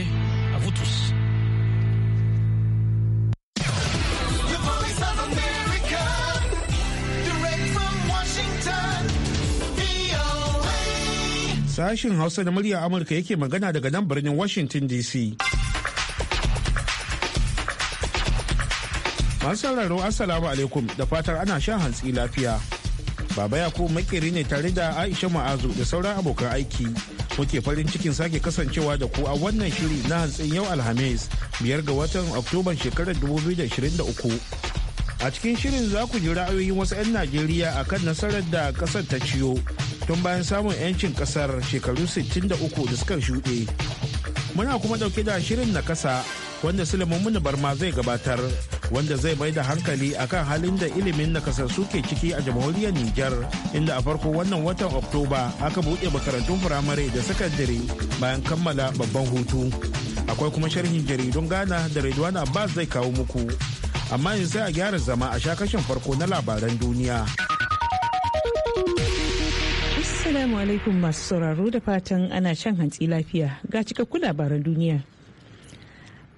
à vous tous. Sashin Hausa na murya Amurka yake magana daga nan birnin Washington DC. Masu sauraro Assalamu alaikum da fatar ana shan hantsi lafiya. Baba Yakubu makeri ne tare da Aisha Ma'azu da sauran abokan aiki. muke farin cikin sake kasancewa da ku a wannan shiri na hantsin yau alhamis biyar ga watan oktoban shekarar 2023 a cikin shirin za ku ji ra'ayoyin wasu 'yan najeriya a kan nasarar da kasar ta ciyo tun bayan samun 'yancin kasar shekaru 63 da suka shuɗe muna kuma dauke da shirin na kasa wanda sulaiman muna barma zai gabatar wanda zai bai da hankali akan halin da ilimin nakasassu ke ciki a jamhuriyar Nijar inda a farko wannan watan Oktoba aka buɗe makarantun firamare da sakandare bayan kammala babban hutu. Akwai kuma sharhin jaridun Ghana da Redwan Abbas zai kawo muku. Amma yanzu sai a gyara zama a shakashin farko na labaran duniya. Assalamu alaikum masu sauraro da fatan ana shan hantsi lafiya ga cikakkun labaran duniya.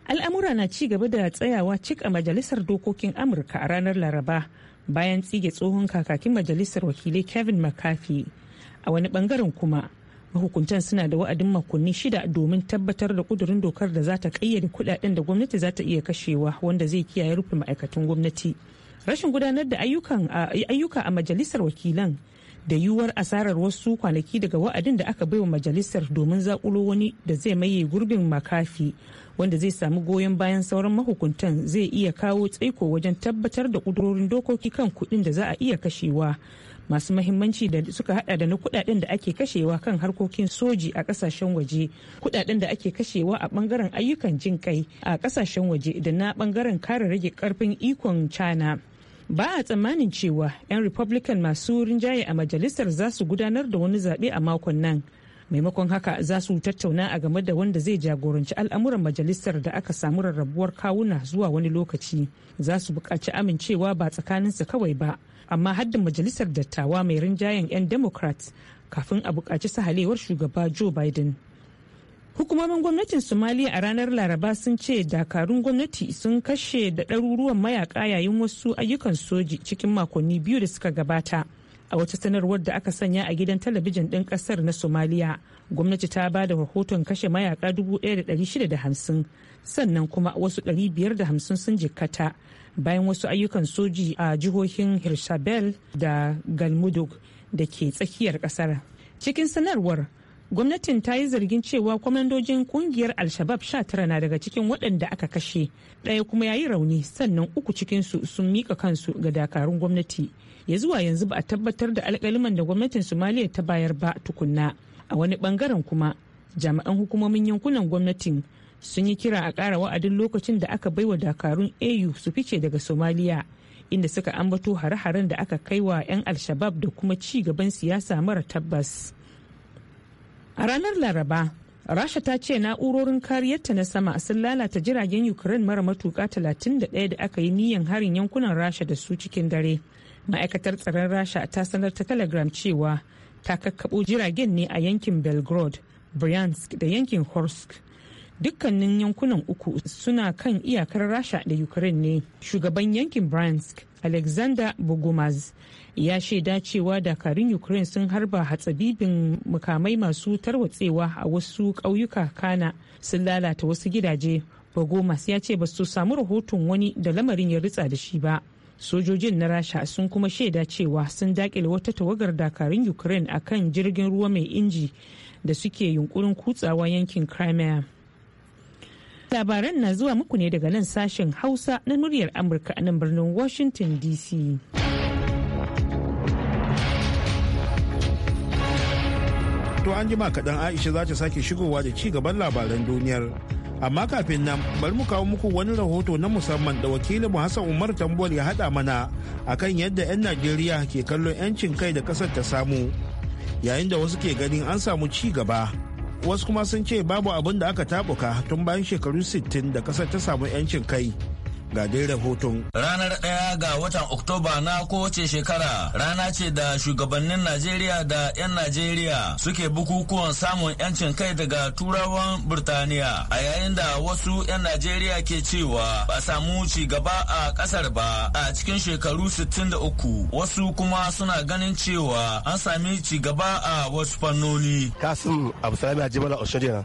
al'amura na ci gaba da tsayawa cik a majalisar dokokin amurka a ranar laraba bayan tsige tsohon kakakin majalisar wakilai kevin mccarthy a wani bangaren kuma mahukuntan suna da wa'adin makonni shida domin tabbatar da kudurin dokar da za ta kayyade kudaden da gwamnati za ta iya kashewa wanda zai kiyaye rufe ma'aikatan gwamnati rashin gudanar da ayyuka a majalisar wakilan da yiwuwar asarar wasu kwanaki daga wa'adin da aka baiwa majalisar domin zakulo wani da zai maye gurbin makafi wanda zai samu goyon bayan sauran mahukuntan zai iya kawo tsaiko wajen tabbatar da kudurorin dokoki kan kuɗin da za a iya kashewa masu mahimmanci da suka hada da na kudaden da ake kashewa kan harkokin soji a kasashen waje kudaden da ake kashewa a bangaren ayyukan jin kai a kasashen waje da na bangaren kare rage karfin ikon china ba a tsammanin cewa 'yan republican masu rinjaye a majalisar za su gudanar da wani zaɓe a makon nan maimakon haka za su tattauna a game da wanda zai jagoranci al'amuran majalisar da aka samu rarrabuwar kawuna zuwa wani lokaci za su buƙaci amincewa ba tsakaninsu kawai ba amma haddin majalisar dattawa mai rinjayen 'yan democrats kafin a buƙaci sahalewar shugaba joe biden hukumomin gwamnatin somaliya a ranar laraba sun ce dakarun gwamnati sun kashe da ɗaruruwan mayaƙa yayin wasu ayyukan soji cikin makonni biyu da suka gabata a wata sanarwar da aka sanya a gidan talabijin ɗin ƙasar na somaliya gwamnati ta ba da rahoton kashe mayaka 1,650 sannan kuma wasu 550 sun jikkata bayan wasu ayyukan soji a jihohin hirshabel da galmudug da ke tsakiyar ƙasar cikin sanarwar gwamnatin ta yi zargin cewa kwamandojin kungiyar alshabab tara na daga cikin waɗanda aka kashe ɗaya kuma ya yi rauni sannan uku cikinsu sun mika kansu ga dakarun gwamnati ya zuwa yanzu ba a tabbatar da alkaliman da gwamnatin somaliya ta bayar ba tukunna a wani bangaren kuma jami'an hukumomin yankunan gwamnatin sun yi kira a ƙara wa'adin lokacin da aka baiwa dakarun au su fice daga somaliya inda suka ambato hare-haren da aka kai wa 'yan alshabab da kuma ci gaban siyasa mara tabbas A ranar Laraba, Rasha ta ce na'urorin kariyarta na sama sun lalata jiragen Ukraine mara matuka 31 da aka yi niyan harin yankunan Rasha da su cikin dare. Ma'aikatar tsaron Rasha ta sanar ta Telegram cewa ta kakkaɓo jiragen ne a yankin Belgrade, Bryansk da yankin Horsk. dukkanin yankunan uku suna kan iyakar rasha da ukraine ne shugaban yankin bransk alexander bogomaz ya shaida cewa dakarun ukraine sun harba hatsabibin mukamai masu tarwatsewa a wasu ƙauyuka kana sun lalata wasu gidaje bogomas ya ce ba su samu rahoton wani da lamarin ya ritsa da shi ba sojojin na rasha sun kuma shaida cewa sun dakile wata tawagar dakarun ukraine a kan jirgin ruwa mai inji da suke yunkurin kutsawa yankin crimea labaran na zuwa muku ne daga nan sashen hausa na muryar amurka a nan birnin washington dc to an jima kaɗan aisha za ta sake shigowa da ci gaban labaran duniyar amma kafin nan bari mu kawo muku wani rahoto na musamman da wakilin mu hassan umar tambol ya haɗa mana akan yadda 'yan najeriya ke kallon 'yancin kai da ƙasar ta samu yayin da wasu ke ganin an samu ci gaba wasu kuma sun ce babu abin da aka tabuka tun bayan shekaru 60 da kasar ta samu 'yancin kai ga dai rahoton. Ranar ɗaya ga watan Oktoba na kowace shekara rana ce da shugabannin Najeriya da 'yan Najeriya suke bukukuwan samun 'yancin kai daga turawan Burtaniya a yayin da wasu 'yan Najeriya ke cewa ba samu ci gaba a kasar ba a cikin shekaru 63 wasu kuma suna ganin cewa an sami ci gaba a wasu fannoni. Kasim Absalami Ajibala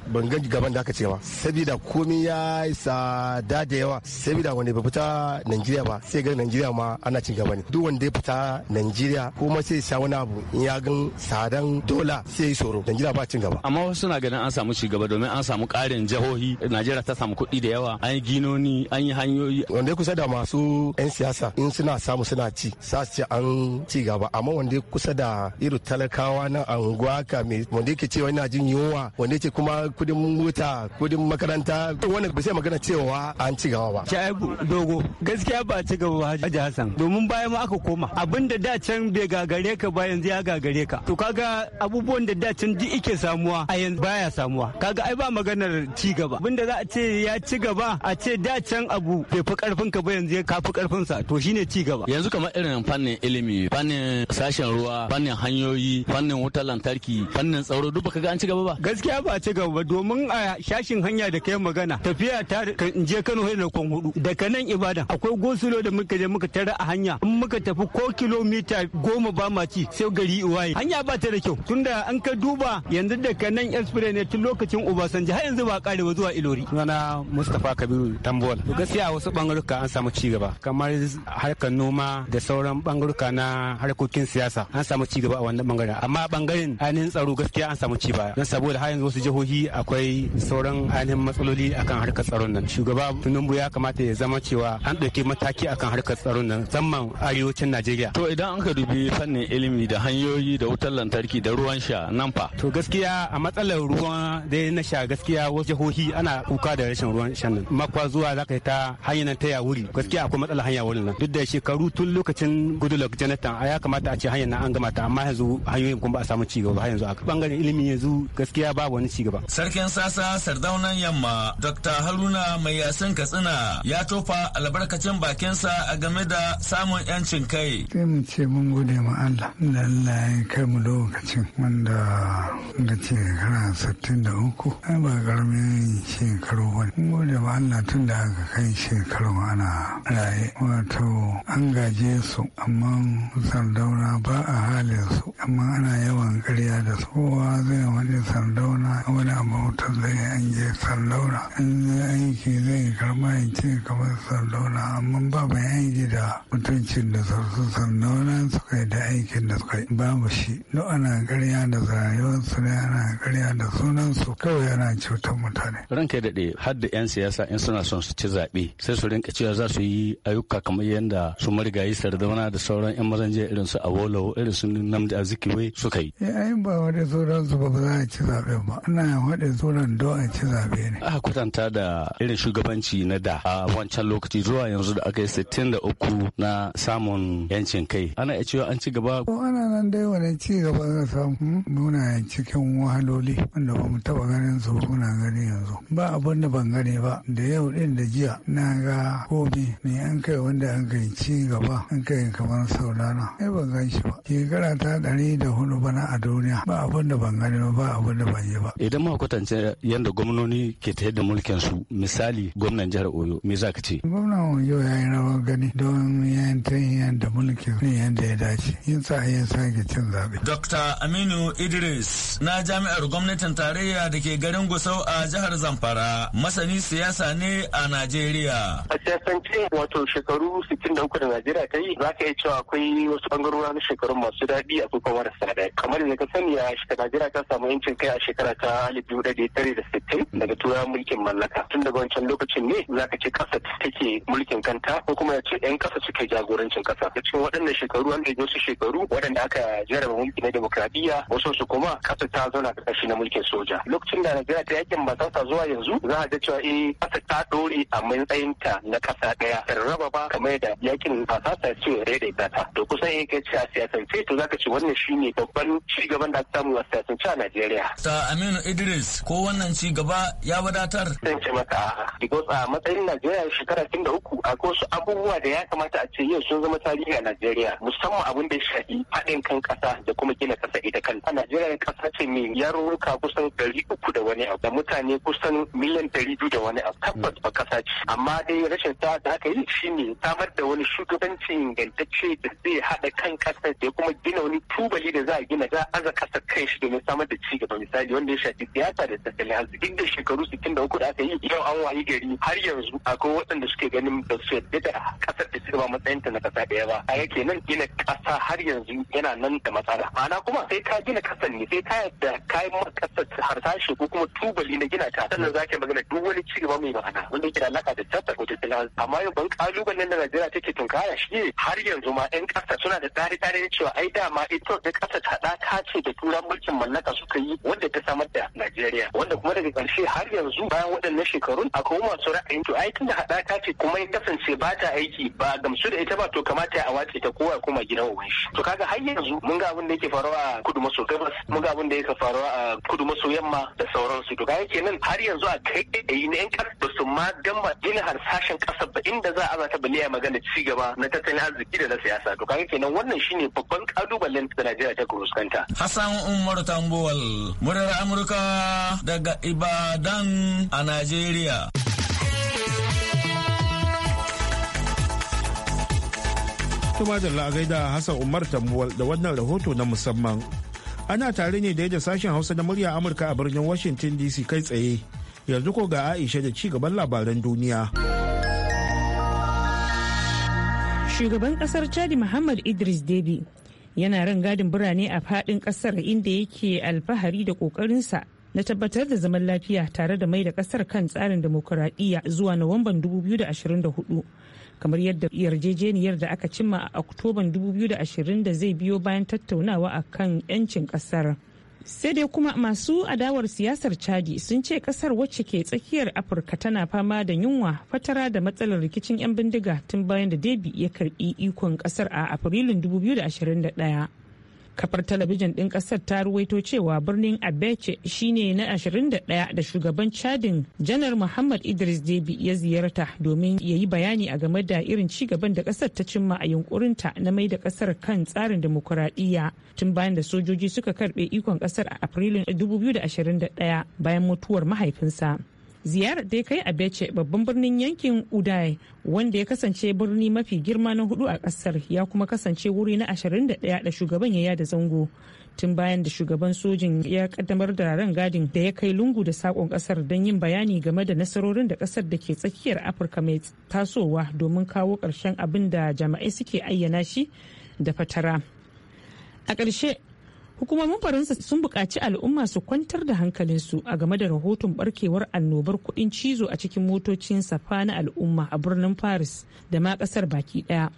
ban gan gaban da aka ce ba sabida komi ya isa da yawa sabida wani bai fita Najeriya ba sai ga Najeriya ma ana ci gaba ne duk wanda ya fita Najeriya ko ma sai sha wani abu in ya gan sadan dola sai soro Najeriya ba ci gaba amma wasu suna ganin an samu gaba domin an samu karin jihohi Najeriya ta samu kuɗi da yawa an yi ginoni an yi hanyoyi wanda ya kusa da masu 'yan siyasa in suna samu suna ci sa ce an ci gaba amma wanda ya kusa da irin talakawa na anguwa ka mai wanda yake cewa ina jin yunwa wanda yake kuma kudin mota kudin makaranta wanda ba sai magana cewa an ci gaba ba. Shaibu dogo gaskiya ba ci gaba ba Haji Hassan domin bayan ma aka koma abinda da can bai gagare ka ba yanzu ya gagare ka to kaga abubuwan da da can duk ike samuwa a yanzu baya samuwa kaga ai ba maganar ci gaba abinda za a ce ya ci gaba a ce da can abu bai fi karfin ka ba yanzu ya kafi karfin sa to shine ci gaba yanzu kamar irin fannin ilimi fannin sashen ruwa fannin hanyoyi fannin wutar lantarki fannin tsaro duk baka ga an ci gaba ba gaskiya ba ci gaba ba domin a shashin hanya da kai magana tafiya ta in je Kano na kwan hudu da nan ibadan akwai gosulo da muka je muka tara a hanya in muka tafi ko kilomita goma ba ma ci sai gari iwaye hanya ba ta da kyau tunda an ka duba yanzu daga nan express ne tun lokacin obasanjo har yanzu ba kare ba zuwa ilori sunana mustapha kabiru tambol gaskiya wasu bangaruka an samu ci gaba kamar harkar noma da sauran bangaruka na harkokin siyasa an samu ci gaba a wannan bangaren amma bangaren ainihin tsaro gaskiya an samu ci baya don saboda har yanzu wasu jihohi akwai sauran ainihin matsaloli akan harkar tsaron nan shugaba tunumbu ya kamata ya zama cewa an ɗauki mataki akan harkar tsaron nan musamman arewacin Najeriya. To idan an ka dubi fannin ilimi da hanyoyi da wutar lantarki da ruwan sha nan fa. To gaskiya a matsalar ruwan dai na sha gaskiya wasu jihohi ana kuka da rashin ruwan shan nan. Makwa zuwa za ka yi ta hanyar ta ya wuri gaskiya akwai matsalar hanya wurin nan. Duk da shekaru tun lokacin Goodluck Jonathan a ya kamata a ce hanyar nan an gama ta amma yanzu hanyoyin kuma ba a samu ci gaba yanzu a bangaren ilimi yanzu gaskiya ba wani ci gaba. Sarkin sasa sardaunan yamma Dr. Haruna mai yasan Katsina ya tofa kafa albarkacin bakinsa a game da samun 'yancin kai. Sai mu ce mun gode ma Allah, da Allah ya kai mu lokacin wanda da shekara sittin da uku. Ai ba karamin shekaru ba. Mun gode ma Allah tun da aka kai shekaru ana raye. Wato an gaje su amma sardauna ba a halin su amma ana yawan karya da su. Kowa zai wani sardauna wani abu ta zai an je sardauna. In zai aiki zai karɓa ya ce kamar sardauna amma ba mai yan da mutuncin da sarsu sardauna suka yi da aikin da suka yi mu shi duk ana karya da su ne ana karya da sunan su kawai yana cutar mutane. ranka daɗe har da 'yan siyasa in suna son su ci zaɓe sai su rinka cewa za su yi ayyuka kamar yadda su marigayi sardauna da sauran 'yan mazan jiya irin su awolowo irin su namdi azikiwe suka yi. ya eh, yi ba wani sauransu ba ba za a ci zaɓe ba ana waɗe sauran don a ci zaɓe ne. aka kwatanta da irin shugabanci na da a wancan lokaci zuwa yanzu da aka yi sittin da uku na samun yancin kai ana iya cewa an ci gaba ko ana nan dai wani ci gaba za samu hmm? muna cikin wahaloli wanda ba mu taba ganin su muna gani yanzu ba abin da ban gane ba da yau din da jiya na ga komi ne an kai wanda an kai ci gaba an kai kamar saurana ai ban gan shi ba shekara ta ɗari da hudu bana a duniya ba abin da ban gani ba abin da ban yi ba idan ma kwatance yadda gwamnoni ke ta da mulkin su misali gwamnan jihar oyo me za ka ce Gwamnan ya yi rawar gani don yantayin da mulkin yadda ya dace. Yin sa sake zaɓe. Dr. Aminu Idris na jami'ar gwamnatin tarayya da ke garin Gusau a jihar Zamfara masani siyasa ne a Najeriya. A siyasance wato shekaru 63 da Najeriya ta yi za ka iya cewa akwai wasu bangarora na shekaru masu daɗi a kuma marasa daɗi. Kamar da ka sani a shekara Najeriya ta samu yancin kai a shekara ta 1960 daga turawan mulkin mallaka. Tun daga wancan lokacin ne za ka ce ƙasa ta take mulkin kanta ko kuma ya ce 'yan kasa suke jagorancin kasa a cikin waɗannan shekaru an wasu shekaru waɗanda aka jarraba mulki na demokradiyya wasu su kuma kasa ta zauna kasashi na mulkin soja lokacin da najeriya ta yakin ta zuwa yanzu za a ga cewa eh kasa ta ɗore a matsayin ta na kasa ɗaya raba ba kamar da yakin ta ce ya daidaita ta to kusan in kai ce a siyasance to za ka ce wannan shi ne babban ci gaban da aka samu a siyasance a najeriya. ta aminu idris ko wannan ci gaba ya wadatar. zan ce maka a matsayin najeriya shekara talatin da uku a wasu abubuwa da ya kamata a ce yau sun zama tarihi a Najeriya musamman abin da ya shafi haɗin kan ƙasa da kuma gina ƙasa ita kanta. A Najeriya ƙasa ce mai yarurruka kusan ɗari uku da wani abu da mutane kusan miliyan ɗari biyu da wani abu tabbas ba ƙasa ce amma dai rashin sa da aka yi shi ne samar da wani shugabanci ingantacce da zai haɗa kan ƙasa da kuma gina wani tubali da za a gina za a aza ƙasa kai shi domin samar da ci gaba misali wanda ya shafi siyasa da tattalin arziki duk da shekaru sittin da uku da aka yi yau an wayi gari har yanzu akwai waɗanda waɗanda suke ganin ba su yadda da matsayinta na kasa ɗaya ba a nan gina kasa har yanzu yana nan da matsala ma'ana kuma sai ka gina ƙasar ne sai ka yadda ka yi maka kasar harsashi ko kuma tubali na gina ta sannan za ka magana duk wani ci gaba mai ma'ana wanda yake da alaka da tattar ko tattalin amma yau ban kalubalen da Najeriya take tunkara shi ne har yanzu ma 'yan kasa suna da tsare tsari na cewa ai dama ita da kasa ta ta ce da turan mulkin mallaka suka yi wanda ta samar da Najeriya wanda kuma daga ƙarshe har yanzu bayan waɗannan shekarun akwai masu ra'ayin to ai tunda haɗaka ce kuma ya kasance ba ta aiki ba gamsu da ita ba to kamata a wace ta kowa kuma gidan uban shi to kaga har yanzu mun ga abin da yake faruwa a kudu maso gabas mun ga abin da yake faruwa a kudu maso yamma da sauransu to kaga kenan har yanzu a kai ɗaya na yan ƙasa ba su ma gamba yin harsashen kasa ba inda za a zata bale a magana ci gaba na tattalin arziki da na siyasa to kaga kenan wannan shine babban kalubalen da Najeriya ta fuskanta Hassan Umar Tambuwal murar Amurka daga Ibadan a Najeriya. Tuma da la'agaida Hassan Umar Tambuwal da wannan rahoto na musamman. Ana tare ne da yadda sashen Hausa na murya Amurka a birnin Washington DC kai tsaye. Yanzu ko ga Aisha da ci gaban labaran duniya. Shugaban kasar Chadi Muhammad Idris debi yana ran gadin birane a fadin kasar inda yake alfahari da kokarinsa na tabbatar da zaman lafiya tare da mai da kasar kan tsarin demokuraɗiyya zuwa Nuwamban 2024. kamar yadda yarjejeniyar da aka cimma a oktoban 2020 da zai biyo bayan tattaunawa a kan 'yancin kasar sai dai kuma masu adawar siyasar chadi sun ce kasar wacce ke tsakiyar afirka tana fama da yunwa fatara da matsalar rikicin 'yan bindiga tun bayan da debi ya karbi ikon kasar a afrilun 2021 kafar talabijin ɗin ƙasar ta ruwaito cewa birnin abeche shine na 21 da shugaban chadin janar muhammad idris debi ya ziyarta domin ya yi bayani a game da irin cigaban da ƙasar ta cimma a yunkurinta na mai da ƙasar kan tsarin demokuraɗiyya tun bayan da sojoji suka karɓe ikon ƙasar a afrilun 2021 bayan mutuwar mahaifinsa ziyarar da ya kai a bece babban birnin yankin udai wanda ya kasance birni mafi girma na hudu a kasar ya kuma kasance wuri na 21 da shugaban ya yada zango tun bayan da shugaban sojin ya kaddamar da ran gadin da ya kai lungu da sakon kasar don yin bayani game da nasarorin da kasar da ke tsakiyar afirka mai tasowa domin kawo karshen abin da jama'ai suke ayyana shi da fatara a ƙarshe Hukumomin Faransa sun buƙaci al'umma su kwantar da hankalinsu a game da rahoton barkewar annobar kuɗin cizo a cikin motocin safa na al'umma a birnin Paris da ma ƙasar baki ɗaya.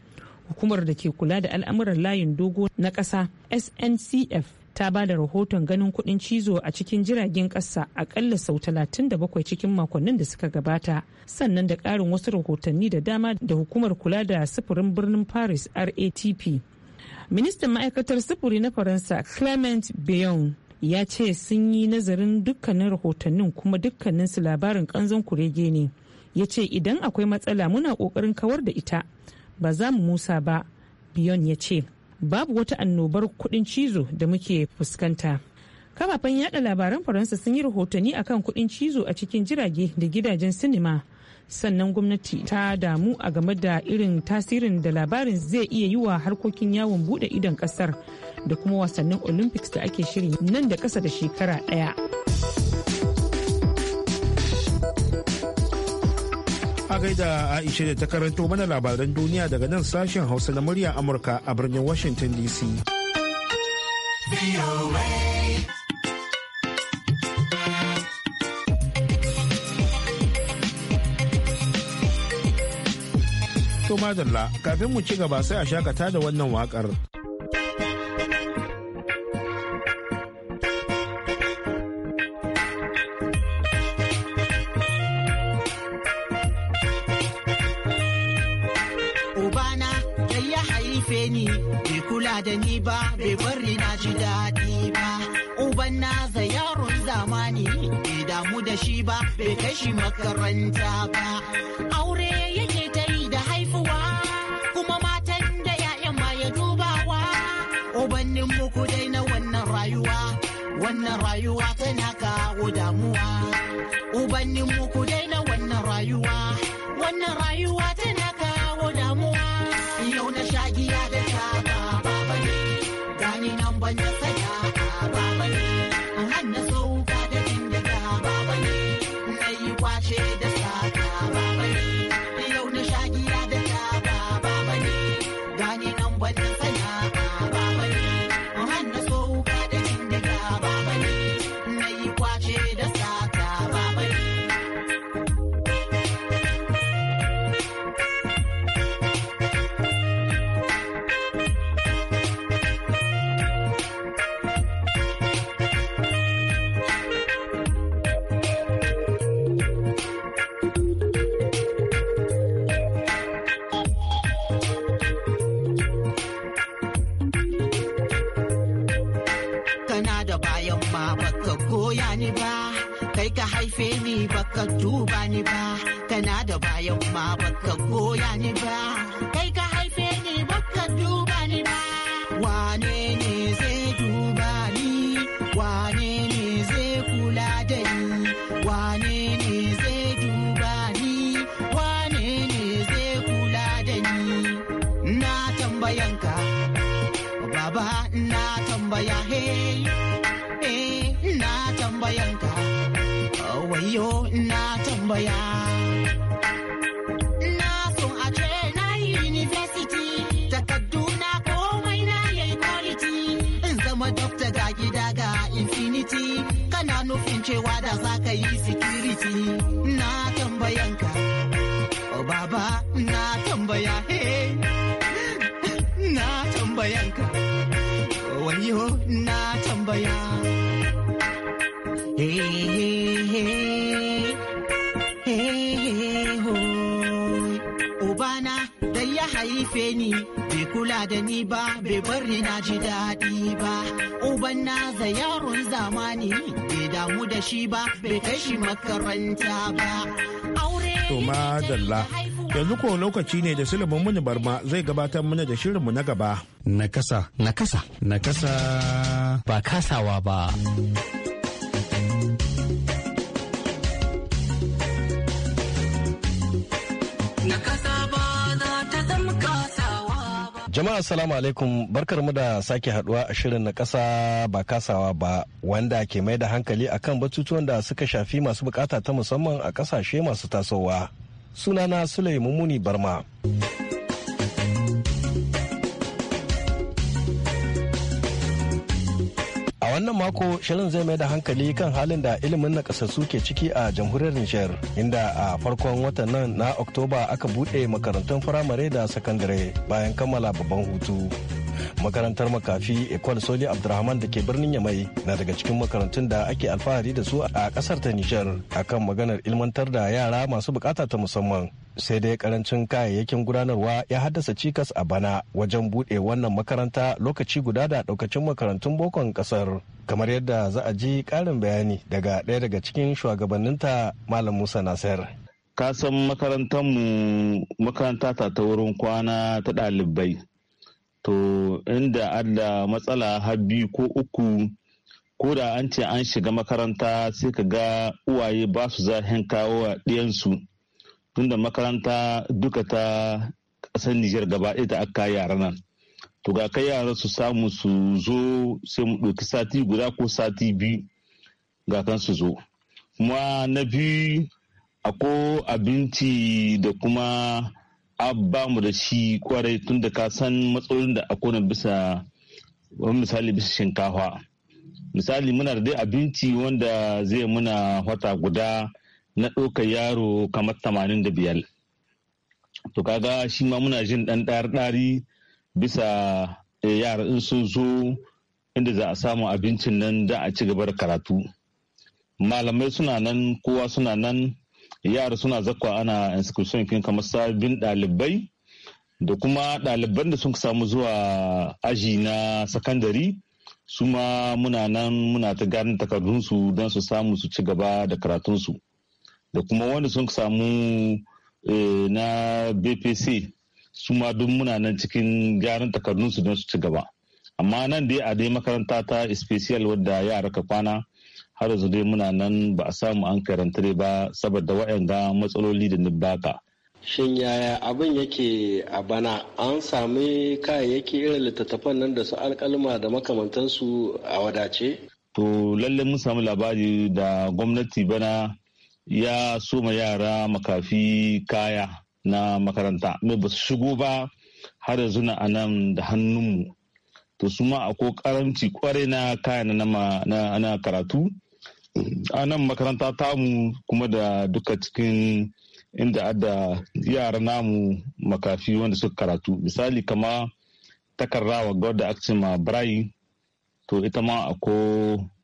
Hukumar da ke kula da al'amuran layin dogo na ƙasa SNCF ta ba da rahoton ganin kuɗin cizo a cikin jiragen ƙasa akalla sau 37 cikin makonnin da suka gabata sannan da ƙarin wasu rahotanni da dama da hukumar kula da sufurin birnin paris ratp ministan ma'aikatar sufuri na faransa clement bayon ya ce sun yi nazarin dukkanin rahotannin kuma dukkanin su labarin kanzon kurege ne ya ce idan akwai matsala muna kokarin kawar da ita ba za mu musa ba biyon ya ce babu wata annobar kudin cizo da muke fuskanta kafafen yada labaran faransa sun yi rahotanni akan kudin cizo a cikin jirage da gidajen sinima sannan gwamnati ta damu a game da irin tasirin da labarin zai iya yi wa harkokin yawon bude idon kasar da kuma wasannin olympics da ake shiri nan da kasa da shekara daya a gaida aisha da ta karanto mana labaran duniya daga nan sashen hausa na murya amurka a birnin washington dc To madalla kafin mu ci gaba sai a shakata da wannan waƙar. ni bai kula da ni ba bai bari na ji daɗi ba uban za yaron zamani bai damu da shi ba bai kai shi makaranta ba aure yake ta halin muku dai na wannan rayuwa wannan rayuwa tana kawo damuwa ubannin muku dai na wannan koya ni ba kai ka haife ni baka duba ni ba kana da bayan ma baka koya ni ba kai ka haife ni baka duba ni ba wane ne zai duba ni wane ne zai kula da ni wane ne zai duba ni wane ne zai kula da ni na tambayanka baba na tambaya hey yo na tambaya. kana nufin cewa da za ka yi security na tambayanka oh baba na tambaya he na tambayanka oh, wayo na tambaya hey. haife ni bai kula da ni ba bai bar ni na ji daɗi ba uban na za yaron zamani bai damu da shi ba bai kai shi makaranta ba aure to madalla yanzu ko lokaci ne da sulaiman muni barma zai gabatar mana da shirinmu na gaba kasa na kasa ba kasawa ba Jama'a assalamu alaikum mu da sake haduwa a shirin na kasa ba kasawa ba wanda ke mai da hankali akan batutuwan da suka shafi masu bukata ta musamman a kasashe masu tasowa. Sunana Sulaimu Muni Barma. A wannan mako shirin zai mai da hankali kan halin da ilimin na ke ciki a jamhuriyar Nijar inda a farkon watan nan na Oktoba aka buɗe makarantun firamare da sakandare bayan kammala babban hutu. makarantar makafi ecole soli abdulrahman da ke birnin yamai na daga cikin makarantun da ake alfahari da su a kasar ta nijar akan maganar ilmantar da yara masu bukata ta musamman sai dai karancin kayayyakin gudanarwa ya haddasa cikas a bana wajen bude wannan makaranta lokaci guda da ɗaukacin makarantun bokon kasar kamar yadda za a ji karin bayani daga ɗaya daga cikin shugabanninta malam musa nasir kasan makarantarmu makaranta ta ta wurin kwana ta ɗalibai to inda Allah matsala har biyu ko uku ko da an ce an shiga makaranta sai ka ga uwaye ba su zahin kawo a ɗiyansu tunda makaranta duka ta ƙasar Nijar gaba ɗaya ta aka yara nan. To ga kai yara su samu su zo sai mu ɗauki sati guda ko sati biyu ga kan su zo. Kuma na biyu ako abinci da kuma ba mu da shi kwarai tun da ka san matsalolin da akwai bisa wani misali bisa shinkafa misali muna da dai abinci wanda zai muna wata guda na ɗaukar yaro kamar tamanin da biyar to kaga shi ma muna jin ɗan ɗari bisa eh, yara in sun zo inda za a samu abincin nan da a ci gaba da karatu malamai suna nan kowa suna nan yara suna zakwa ana inscription kin kamar sabbin ɗalibai da kuma ɗaliban da sun samu zuwa aji na sakandare su ma muna nan muna ta gane takardunsu don su samu su ci gaba da karatunsu da kuma wanda sun samu eh, na bpc su ma duk muna nan cikin gyaran takardunsu don su ci gaba amma nan dai a dai makaranta ta special wadda yara ka kwana har yanzu dai muna nan ba a samu an karanta ba saboda waɗanda matsaloli da nibaka. Shin yaya abin yake a bana an sami kayayyaki irin littattafan nan da su alkalma da makamantansu a wadace? To lalle mun samu labari da gwamnati bana ya soma yara makafi kaya na makaranta. Mai ba su shigo ba har yanzu na anan da hannunmu. To su ma akwai karanci kware na kaya na karatu. a nan makaranta tamu kuma da duka cikin inda ada yara namu makafi wanda suka karatu misali kama takarrawa ga da aka ma to ita ma ako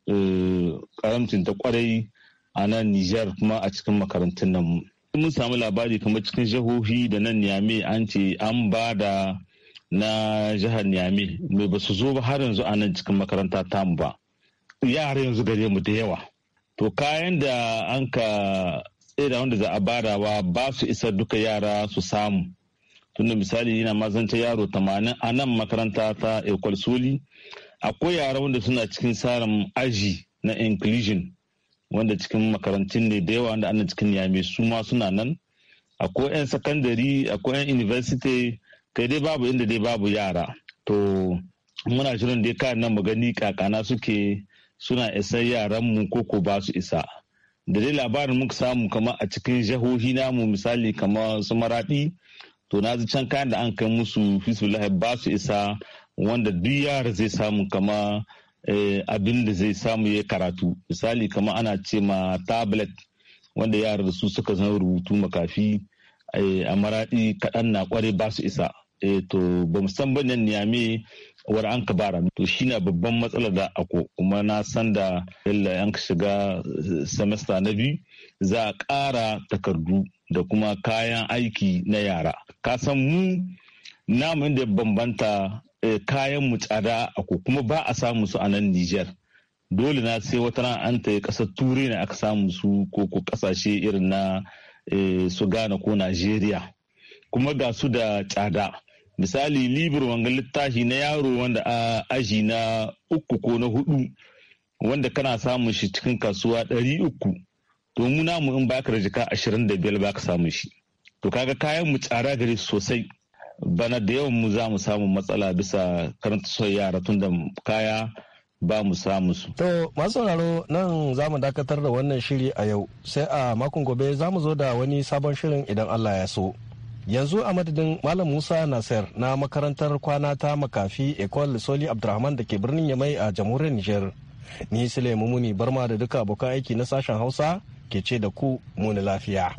eh, karamcin ta kwarai a nan nijar kuma a cikin makarantun nan mun samu labari kamar cikin jihohi da nan niyame an ce an ba da na jihar niyame mai ba su zo ba har yanzu a nan cikin makaranta tamu ba yara yanzu gare mu da yawa to kayan da an ka tsira wanda za a barawa ba su isa duka yara su samu tunda misali yana mazanta yaro tamanin a nan makaranta ta ekwal soli akwai yara wanda suna cikin tsarin aji na inclusion wanda cikin makarantun ne da yawa wanda ana cikin yame su ma suna nan akwai 'yan sakandare akwai 'yan university kai dai babu inda dai babu yara to muna shirin dai kayan nan mu gani kakana suke suna isar yaranmu ko ko ba su isa da dai labarin muka samu kama a cikin jihohi namu misali kama su maraɗi to na can kayan da an kai musu fisulillahi ba su isa wanda duk yara zai samu kama eh, abin da zai samu ya karatu misali kama ana ce ma tablet wanda yara da su suka zan rubutu makafi eh, a maraɗi kaɗan na kware ba su isa Eh, to ba mu san banyan niyami war an ka bara to shi shine babban matsalar da ako kuma na san da illa an shiga eh, semester na biyu za a ƙara takardu da kuma kayan aiki na yara ka san mu namu da bambanta eh, kayan mu tsada ako kuma ba a samu su a nan Nijar dole na sai wata ran an ta kasar turai ne aka samu su ko ko kasashe irin na su Ghana ko Najeriya kuma ga su da tsada misali libur wanga littafi na yaro wanda a aji na uku ko na hudu wanda kana samun shi cikin kasuwa ɗari uku to mu namu in baka da jika ashirin da biyar baka samun shi to kaga kayan mu tsara gare sosai bana da yawan mu za mu samu matsala bisa karanta son yara tun da kaya ba mu samu su. To masu sauraro nan za mu dakatar da wannan shiri a yau sai a makon gobe za mu zo da wani sabon shirin idan Allah ya so. yanzu a madadin malam musa nasir na makarantar kwana ta makafi ecole soli abdurrahman da ke birnin yamai a jamhuriyar niger ni sule mumuni barma da duka abokan aiki na sashen hausa ke ce da ku muni lafiya.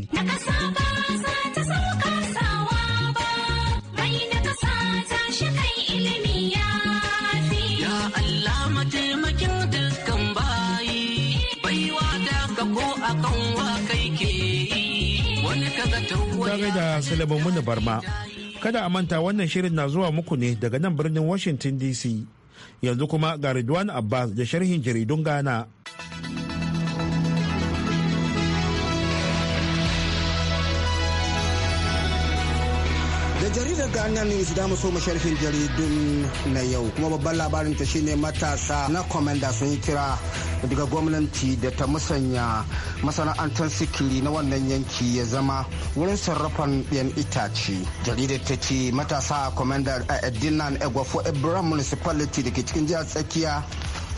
Sulaiman Muni Barma. Kada a manta wannan shirin na zuwa muku ne daga nan birnin Washington DC. Yanzu kuma ga Ridwan Abbas da sharhin jaridun Ghana daga nan ne za mu so sharhin jaridun na yau kuma babban labarin ta shine matasa na komanda sun kira daga gwamnati da ta musanya masana'antar sikiri na wannan yanki ya zama wurin sarrafan yan itace jaridar ta ce matasa a komanda a edinan egwafo ibrahim municipality da ke cikin jihar tsakiya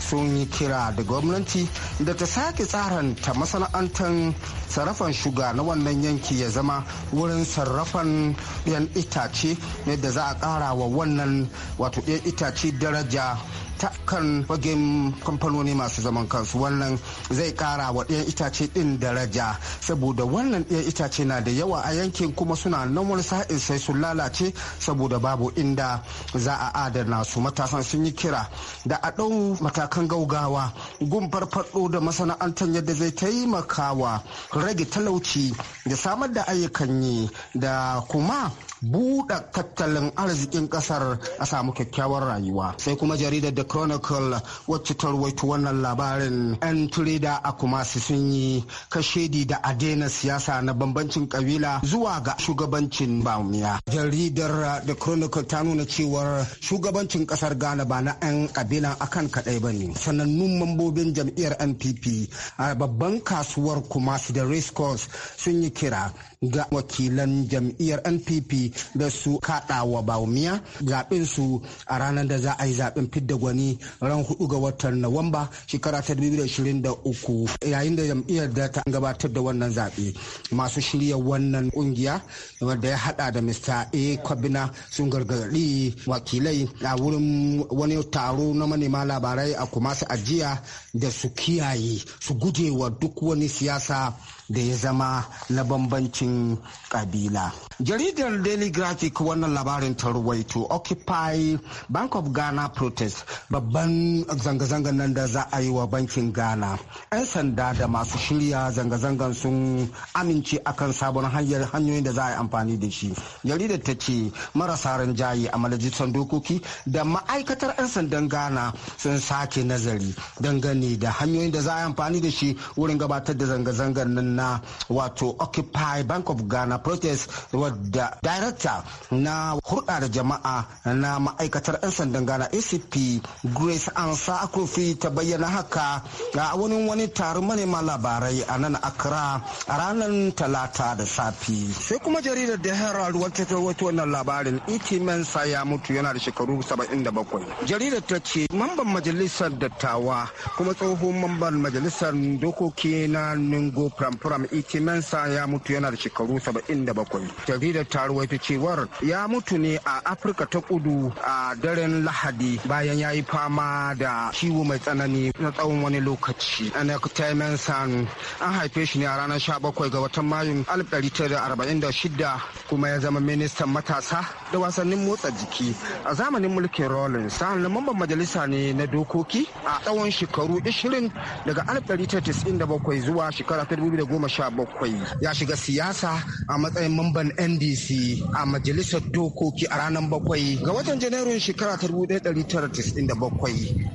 sun yi kira da gwamnati da ta sake ta masana'antar sarrafan shuga na wannan yanki ya zama wurin sarrafan yan itace yadda za a kara wa wannan wato yan itace daraja ta kan fagen kamfanoni masu zaman kansu wannan zai kara wa ɗayan itace ɗin daraja saboda wannan ɗayan itace na da yawa a yankin kuma suna nan wani sa'in sai sun lalace saboda babu inda za a adana su matasan sun yi kira da a ɗau matakan gaugawa gun farfaɗo da masana'antar yadda zai taimakawa rage talauci da samar da ayyukan yi da kuma buɗa tattalin arzikin ƙasar a samu kyakkyawar rayuwa sai kuma jaridar da chronicle wacce ta rawaito wannan labarin 'yan tureda a kumasi sun yi kashedi da adena siyasa na bambancin kabila zuwa ga shugabancin bamiya jaridar uh, the chronicle ta nuna cewar shugabancin kasar ghana ba na 'yan kabila akan kadai ba ne sanannun mambobin jam'iyyar npp a uh, babban kasuwar kumasi da race course sun yi kira ga wakilan jam'iyyar npp da su kaɗa wa baumiya zaɓen su a ranar da za a yi zaɓen fidda gwani ran hudu ga watan nawamba shekara ta 2023 yayin da jam'iyyar da ta gabatar da wannan zaɓe masu shirya wannan ƙungiya wanda ya haɗa da mr a kwabina sun gargaɗi wakilai a wurin wani taro na manema labarai a kumasa ajiya da su kiyaye su guje wa duk wani siyasa da ya zama na bambancin cikin kabila. Jaridar Daily Graphic wannan labarin ta ruwaito Occupy Bank of Ghana protest babban zanga-zangan nan da za a yi wa bankin Ghana. 'Yan sanda da masu shirya zanga-zangan sun amince akan sabon hanyar hanyoyin da za a yi amfani da shi. Jaridar ta ce marasa rinjaye a malajisan dokoki da ma'aikatar 'yan sandan Ghana sun sake nazari dangane da hanyoyin da za a yi amfani da shi wurin gabatar da zanga-zangan nan na wato Occupy Bank bank of ghana protest wadda director na hurɗa da jama'a na ma'aikatar 'yan sandan ghana acp grace ansa akrofi ta bayyana haka a wani wani taron manema labarai a nan accra a ranar talata da safi sai kuma jaridar da herald wata ta wato wannan labarin iti e mensa ya mutu yana da shekaru 77 jaridar ta ce mamban majalisar dattawa kuma tsohon mamban majalisar dokoki na ningo Pram iti e mensa ya mutu yana da shekaru shekaru 77. Jaridar ta cewar ya mutu ne a Afirka ta kudu a daren Lahadi bayan ya yi fama da ciwo mai tsanani na tsawon wani lokaci. Entertainment San an haife shi ne a ranar 17 ga watan Mayun 1946 kuma ya zama ministan matasa da wasannin motsa jiki a zamanin mulkin Rollins. San majalisa ne na dokoki a tsawon shekaru 20 daga 1997 zuwa shekara 2017 ya shiga siyasa ƙasa a matsayin mamban NDC a majalisar dokoki a ranar bakwai ga watan Janairun shekara ta 1997.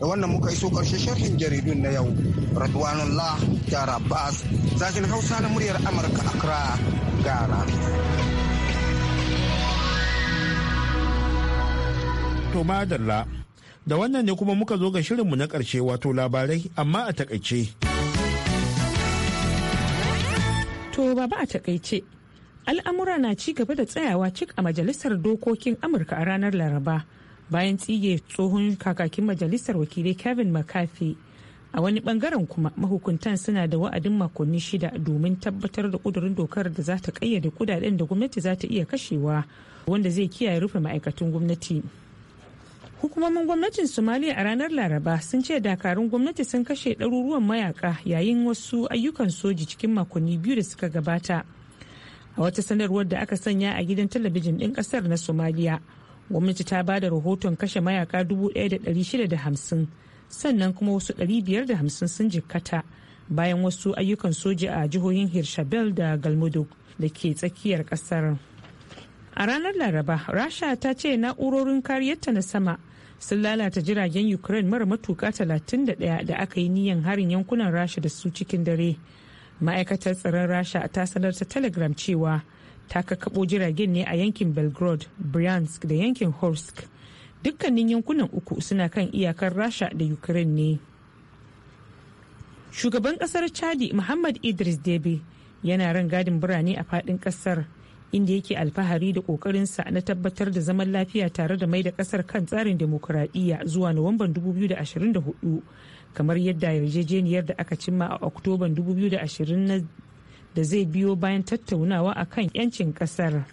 Da wannan muka iso ƙarshen sharhin jaridun na yau. Radwanullah Jara Bas, zakin Hausa na muryar Amurka Accra, Ghana. To madalla, da wannan ne kuma muka zo ga shirinmu na ƙarshe wato labarai amma a takaice. To ba ba a takaice. Al'amura na ci gaba da tsayawa cik a majalisar dokokin Amurka a ranar Laraba bayan tsige tsohon kakakin majalisar wakilai Kevin McCarthy. A wani bangaren kuma mahukuntan suna da wa'adin makonni shida domin tabbatar da kudurin dokar da za ta kayyade kudaden da gwamnati za ta iya kashewa wanda zai kiyaye rufe ma'aikatan gwamnati. hukumomin gwamnatin somaliya a ranar laraba sun ce dakarun gwamnati sun kashe ɗaruruwan mayaka yayin wasu ayyukan soji cikin makonni biyu da suka gabata a wata sanarwar da aka sanya a gidan talabijin ɗin ƙasar na somaliya gwamnati ta ba da rahoton kashe mayaka 1,650 sannan kuma wasu 550 sun jikkata bayan wasu ayyukan soji a jihohin hirshabel da galmudug da ke tsakiyar ƙasar. a ranar laraba rasha ta ce na'urorin kariyarta na sama sun lalata jiragen ukraine mara matuka 31 da aka yi niyan harin yankunan rasha da su cikin dare ma'aikatar tsaron rasha ta sanar ta telegram cewa ta kakabo jiragen ne a yankin belgrade bryansk da yankin horsk dukkanin yankunan uku suna kan iyakar rasha da ukraine ne shugaban kasar chadi muhammad idris debe yana ran gadin birane a fadin kasar inda yake alfahari da kokarinsa na tabbatar da zaman lafiya tare da mai da kasar kan tsarin demokuraɗiyya zuwa nuwamban 2024 kamar yadda yarjejeniyar da aka cimma a oktoban 2020 da zai biyo bayan tattaunawa a kan 'yancin kasar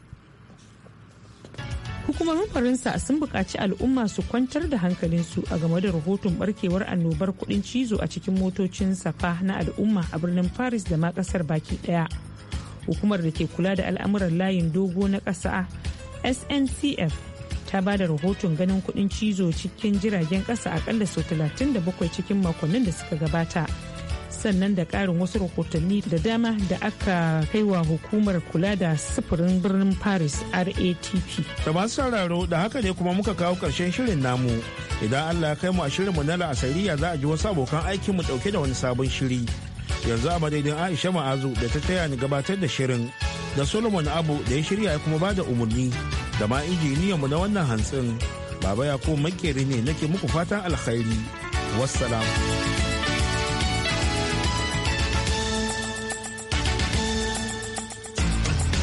hukumomin faransa sun buƙaci al'umma su kwantar da hankalinsu a game da rahoton barkewar annobar kuɗin cizo a cikin motocin safa na al'umma a birnin paris da ma ƙasar baki ɗaya. hukumar da ke kula da al'amuran layin dogo na ƙasa sncf ta ba da rahoton ganin kuɗin cizo cikin jiragen ƙasa aƙalla sau bakwai cikin makonnin da suka gabata sannan da ƙarin wasu rahotanni da dama da aka kai wa hukumar kula da sufurin birnin paris ratp da masu sauraro da haka ne kuma muka kawo ƙarshen shirin namu idan allah ya kai mu a shirinmu na la'asariya za a ji wasu abokan aikinmu ɗauke da wani sabon shiri yanzu a madaidin aisha ma'azu da ta taya ni gabatar da shirin da solomon abu da ya shirya ya kuma bada umarni da ma injiniyanmu na wannan hantsin baba ya ko makeri ne nake muku fatan alkhairi wassalamu